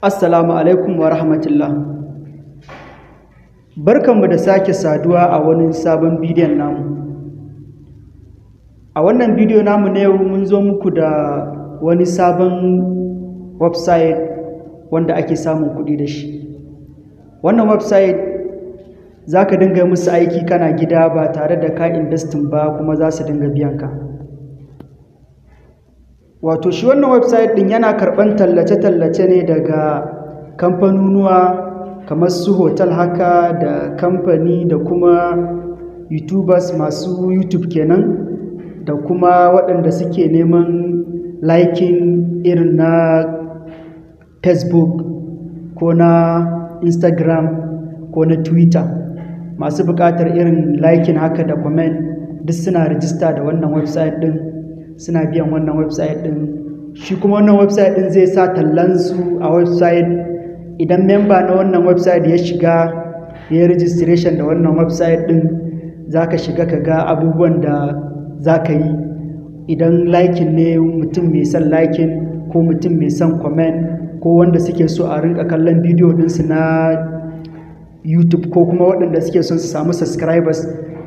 Assalamu alaikum wa rahmatullah. Barkanmu da sake saduwa a wani sabon bidiyon namu. A wannan bidiyo namu ne yau mun zo muku da wani sabon website wanda ake samun kuɗi da shi. Wannan website za ka dinga musu aiki kana gida ba tare da ka investin ba kuma za su dinga biyan ka. wato shi wannan website din yana karban tallace-tallace ne daga kamfanunuwa kamar su hotel haka da kamfani da kuma youtubers masu youtube kenan da kuma waɗanda suke neman likin irin na facebook ko na instagram ko na twitter masu buƙatar irin likin haka da comment duk suna rijista da wannan website ɗin suna biyan wannan website din shi kuma wannan website din zai sa tallansu a website idan memba na wannan website ya shiga ya yi registration da wannan website din za ka shiga ka ga abubuwan da za ka yi idan likin ne mutum mai son likin ko mutum mai son comment ko wanda suke so a rinka kallon bidiyo ɗinsu na youtube ko kuma waɗanda suke son su samu subscribers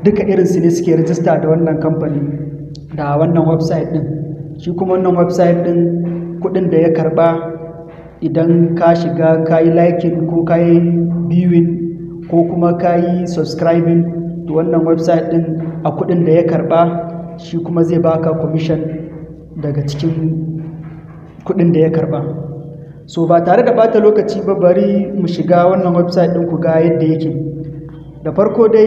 duka irinsu ne suke rijista da wannan kamfani da wannan website ɗin shi kuma wannan website ɗin kuɗin da ya karba idan ka shiga ka yi liking ko ka yi viewing ko kuma ka yi subscribing to wannan website ɗin a kuɗin da ya karba shi kuma zai baka commission daga cikin kuɗin da ya karba so ba tare da bata lokaci ba bari mu shiga wannan website ɗin ku ga yadda yake da farko dai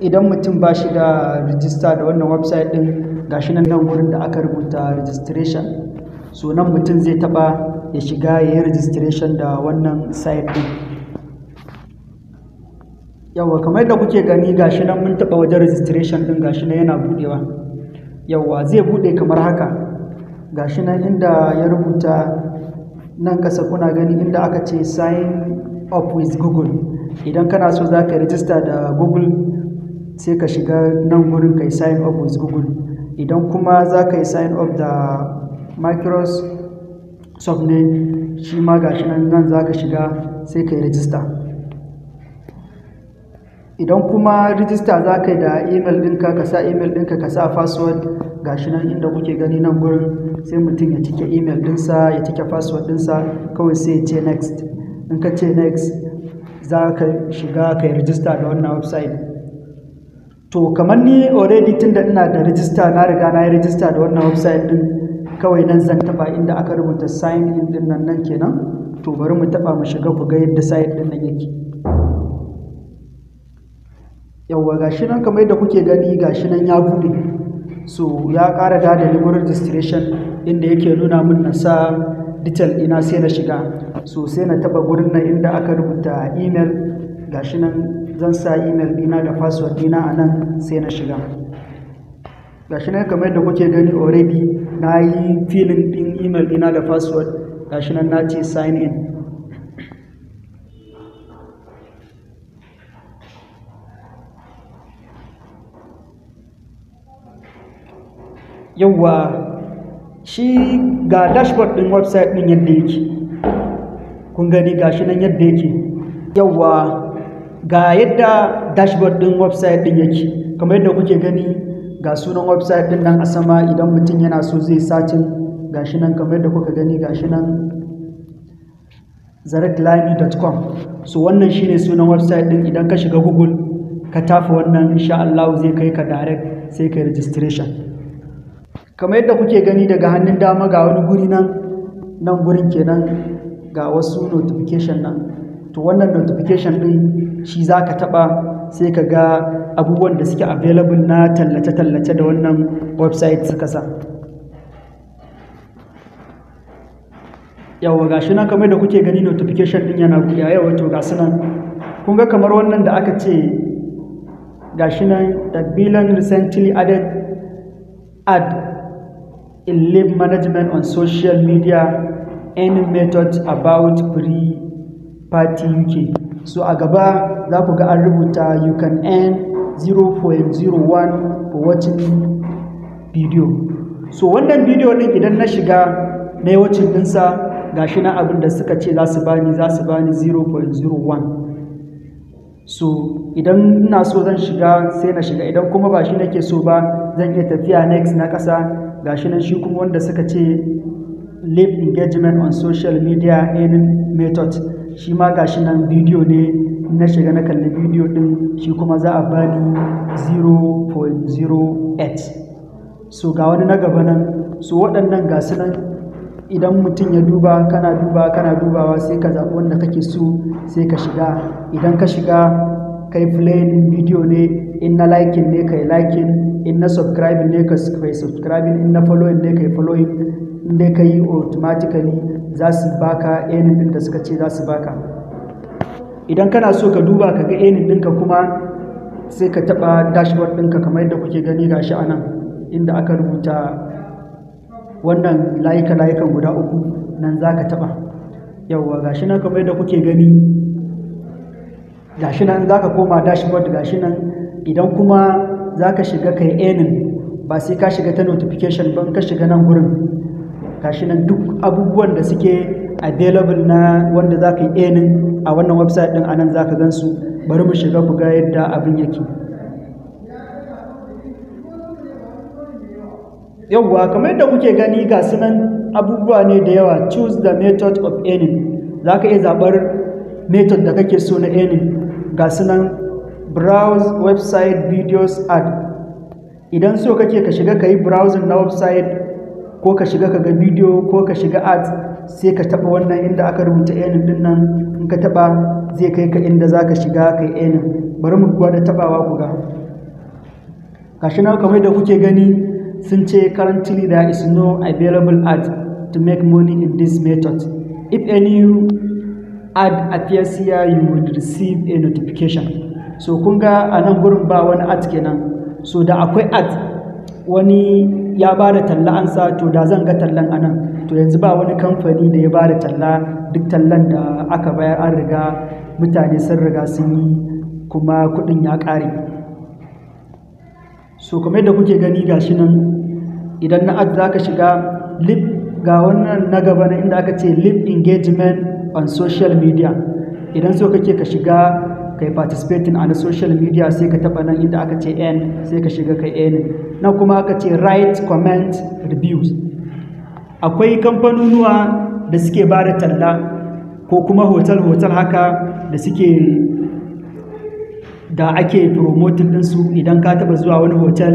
idan mutum ba shi da rijista da wannan website ɗin gashi nan nan wurin da aka rubuta registration so nan mutum zai taba ya shiga ya yi registration da wannan site din Yawwa kamar da kuke gani gashi nan mun taba wajen registration din gashi nan yana budewa Yawwa zai bude kamar haka gashi nan inda ya rubuta nan kasa kuna gani inda aka ce sign up with google idan kana so za ka rijista da google sai ka shiga nan wurin kai sign up with google idan kuma za ka yi sign up da microsoft ne shi ma ga nan nan za ka shiga sai ka yi rijista idan kuma rijista za ka yi da email ɗinka ka sa email ɗinka ka sa password shi nan inda kuke gani nan gurin sai mutum ya cike email ɗinsa ya cike password ɗinsa kawai sai ya ce next in ka ce next za ka shiga ka yi rijista da wannan website to kamar ni already tun da ina da rijista na riga na yi rijista da wannan website din kawai nan zan taba inda aka rubuta sign in din nan nan kenan to bari mu taba mu shiga ku ga yadda site din nan yake yawwa gashi nan kamar yadda kuke gani gashi nan ya bude so ya ƙara da delivery registration inda yake nuna min na sa detail ina sai na shiga so sai na taba gurin nan inda aka rubuta email gashi nan zan sa email dina da password dina a nan sai na shiga gashi nan kamar da kuke gani already na yi filin din email dina da password shi nan na ce sign in yauwa shi ga dashboard din website din yadda yake kun gani shi nan yadda yake yauwa ga yadda dashboard din website din yake kamar yadda kuke gani ga sunan website din nan a sama idan mutum yana so zai sacin gashi nan kamar yadda kuka gani gashi nan zaretlami.com so wannan shine sunan website din idan ka shiga google ka tafi wannan insha Allah zai kai ka direct sai kai registration kamar yadda kuke gani daga hannun dama ga wani guri nan nan gurin kenan ga wasu notification nan to wannan notification ɗin shi za ka taɓa sai ka ga abubuwan da suke available na tallace-tallace da wannan website suka sa yawa ga shi kamar da kuke gani notification ɗin yana buɗe yawa to ga sunan kun ga kamar wannan da aka ce ga shi nan the billion recently added ad in live management on social media any method about free party uk so a gaba za ku ga an rubuta you can earn 0.01 for watching video so wannan video din idan na shiga na yi wacin dinsa shi na abin da suka ce za su bani za su bani 0.01 so idan na so zan shiga sai na shiga idan kuma ba shi nake so ba zan iya tafiya next na ƙasa shi nan shi kuma wanda suka ce live engagement on social media in method shi ma ga shi nan bidiyo ne na shiga na kalli bidiyo ɗin shi kuma za a bani 0.08 so ga wani na gaba nan so waɗannan gasu nan idan mutum ya duba kana duba kana dubawa sai ka zaɓi wanda kake so sai ka shiga idan ka shiga kai playin video ne in na liking ne kai liking in na subscribing ne kai subscribing in na following ne kai following in dai ka yi automatically za su baka earning ɗin da suka ce za su baka idan kana so ka duba ka ga earning ɗinka kuma sai ka taɓa dashboard ɗinka kamar yadda kuke gani gashi a nan inda aka rubuta wannan layika layukan guda uku nan za ka taɓa yauwa gashi nan kamar yadda kuke gani gashi nan za ka koma dashboard gashi nan idan kuma za ka shiga kai enin ba sai ka shiga ta notification ban ka shiga nan gurin gashi nan duk abubuwan da suke available na wanda za ka yi enin a wannan website din anan za ka gansu bari mu shiga ku ga yadda abin yake yauwa kamar yadda kuke gani ga sunan abubuwa ne da yawa choose the method of earning za ka iya zaɓar method da kake so na earning ga sunan browse website videos ad idan so kake ka shiga ka yi browsing na website ko ka shiga ka ga video ko ka shiga ad sai ka taba wannan inda aka rubuta enin din nan in ka taba zai kai ka inda za ka shiga ka yi enin bari mu gwada tabawa ku ga gashi nan kamar da kuke gani sun ce currently there is no available ad to make money in this method if any add appears here you will receive a notification so kun ga a nan gurin ba wani ad kenan so da akwai ad wani ya ba da talla an sa to da zan ga tallan anan to yanzu ba wani kamfani da ya ba da talla duk tallan da aka bayar an riga mutane sun riga sun yi kuma kuɗin ya kare so kamar yadda kuke gani gashi nan idan na ad za shiga lip ga wannan na gaba na inda aka ce lip engagement on social media idan so kake ka shiga kai participating a na social media sai ka taba nan inda aka ce n sai ka shiga kai n na kuma aka ce write comment reviews akwai kamfanonuwa da suke ba da talla ko kuma hotel-hotel haka da suke da ake promoting ɗinsu idan ka taba zuwa wani hotel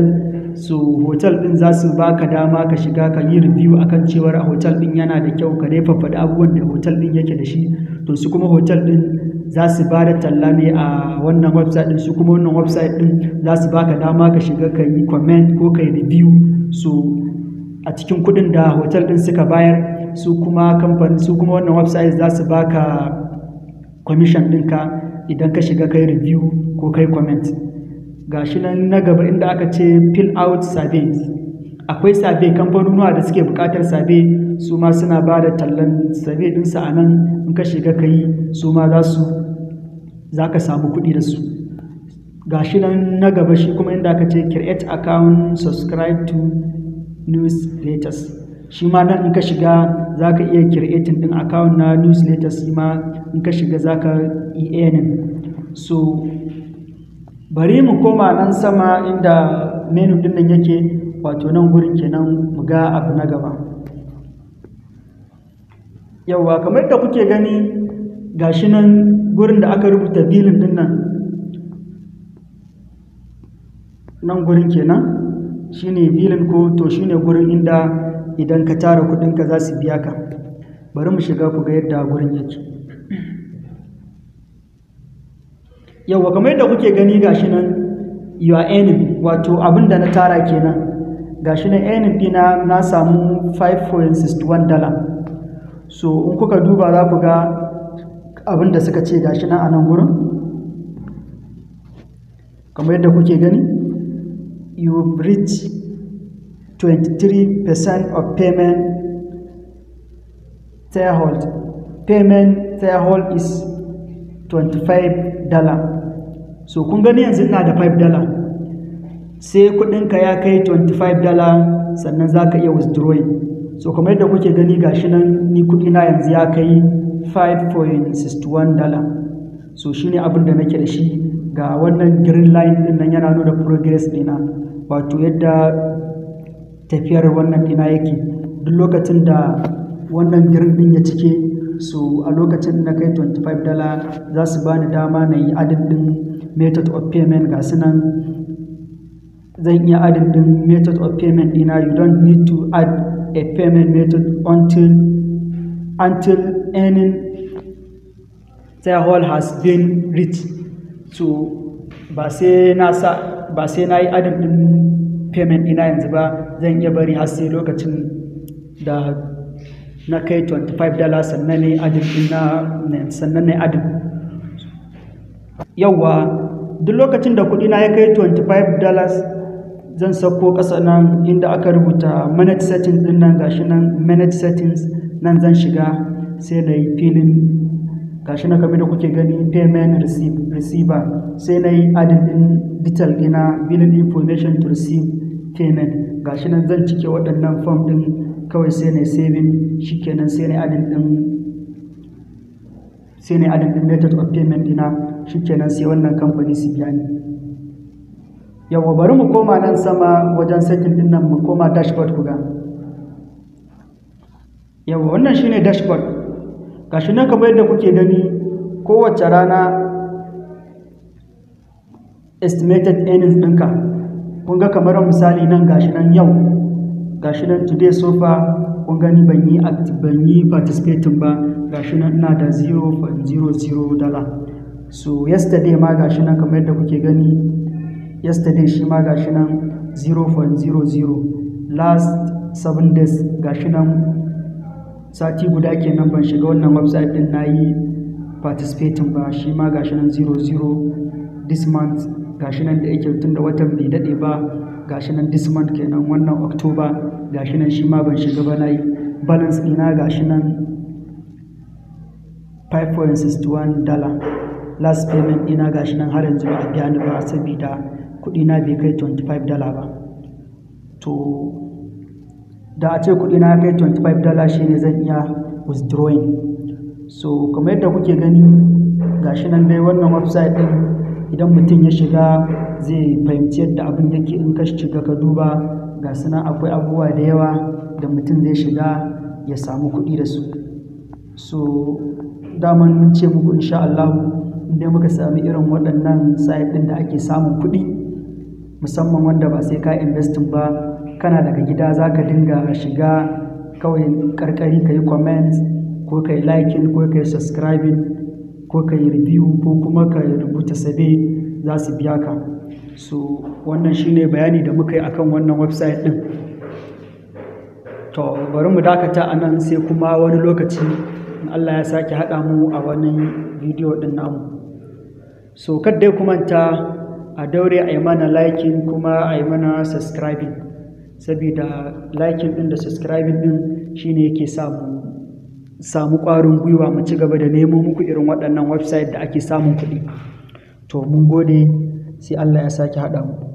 su hotel din za su baka dama ka shiga ka yi review akan cewa a hotel din yana da kyau ka dai faɗi abubuwan da hotel din yake da shi to su kuma hotel din za su ba da talla ne a wannan website din su kuma wannan website din za su baka dama ka shiga ka yi comment ko ka yi review su a cikin kudin da hotel din suka bayar su kuma kamfani su kuma wannan website za su baka commission ɗinka idan ka shiga ka yi review ko ka yi comment gashi nan na gaba inda aka ce fill out survey akwai survey kamfanonuwa da suke bukatar survey su ma suna ba da tallan survey dinsa a nan in ka shiga ka yi su ma za su za ka samu kuɗi da su gashi nan na gaba shi kuma inda aka ce create account subscribe to newsletters shi ma nan in ka shiga za ka iya creating ɗin account na newsletters shi ma in ka shiga za ka iya so bari mu koma nan sama inda menu din nan yake wato nan gurin kenan mu ga abu na gaba yawa kamar da kuke gani gashi nan gurin da aka rubuta bilin din nan nan gurin kenan shine bilin ko to shine gurin inda idan ka tara kudinka za su biya ka bari mu shiga ku ga yadda gurin yake yauwa kamar yadda kuke gani gashi nan your enemy wato abin da na tara kenan gashi nan earning dina na samu 5.61 dollar so in kuka duba za ku ga abin da suka ce gashi nan a nan gurin kamar yadda kuke gani you reach 23% of payment threshold payment threshold is 25 dala so kun gani yanzu ina da 5 dala sai kudinka ya kai 25 dala sannan za ka iya withdrawing so kamar yadda kuke gani gashi nan ni kudina yanzu ya kai 5.61 dala so shine abin da nake da shi ga wannan green line din nan yana nuna progress dina wato yadda tafiyar wannan dina yake duk lokacin da wannan green din ya cike su a lokacin na kai 25 dala za su bani dama na yi adadin method of payment ga sunan zan iya adadin method of payment dina you don't need to add a payment method until until earning whole has been reached so ba sai na sa ba sai na yi adadin payment dina yanzu ba zan iya bari har sai lokacin da na kai 25 dala sannan ne adin na sannan ne adin yawwa duk lokacin da kudi na ya kai 25 dollars zan sako ƙasa nan inda aka rubuta manage settings din nan gashi nan manage settings nan zan shiga sai na yi filin gashi na kamar da kuke gani payment receiver sai na yi adin din detail dina billing information to receive payment gashi nan zan cike waɗannan form din kawai sai na saving shikenan sai ne adin din sai ne adin din method of payment dina shikenan sai wannan kamfani su biya ni yawa bari mu koma nan sama wajen setting din nan mu koma dashboard ku ga yawa wannan shine dashboard gashi nan kamar yadda kuke gani kowace rana estimated earnings ɗinka kun ga kamar misali nan gashi nan yau gashi nan today so far kun gani ban yi ban yi participating ba gashi nan ina da 0.00 dala so yesterday ma gashi nan kamar yadda kuke gani yesterday shi ma gashi nan 0.00 last 7 days gashi nan sati guda kenan ban shiga wannan website din nayi participating ba shi ma gashi nan 00 this month gashi nan da yake tun da watan bai dade ba gashi nan this month kenan wannan october gashi nan shi ma ban shiga ba nayi balance ina gashi nan 5.61 dollar last payment ina gashi nan har yanzu ba a biya ni ba saboda kuɗi na bai kai 25 dollar ba to da a ce kuɗi na kai 25 dollar ne zan iya withdrawing so kamar yadda kuke gani gashi nan dai wannan website din idan mutum ya shiga zai fahimci yadda abin yake in ka shiga ka duba ga suna akwai abubuwa da yawa da mutum zai shiga ya samu kuɗi da su so daman mun ce muku insha Allah inda muka sami irin waɗannan site ɗin da ake samun kuɗi musamman wanda ba sai ka investin ba kana daga gida za ka dinga shiga kawai karkari ka yi comment ko ka yi liking ko ka yi subscribing ko ka yi review ko kuma ka rubuta sabe za su biya ka so wannan shine bayani da muka yi akan wannan website din to bari mu dakata a nan sai kuma wani lokaci in Allah ya sake haɗa mu a wani bidiyo ɗin namu so kadda ya kumanta a daure a yi mana liking kuma a yi mana subscribing saboda liking ɗin da subscribing ɗin shine yake samu samu ƙwarin gwiwa mu ci gaba da nemo muku irin waɗannan website da ake samun kuɗi to mun gode sai Allah ya sake haɗa mu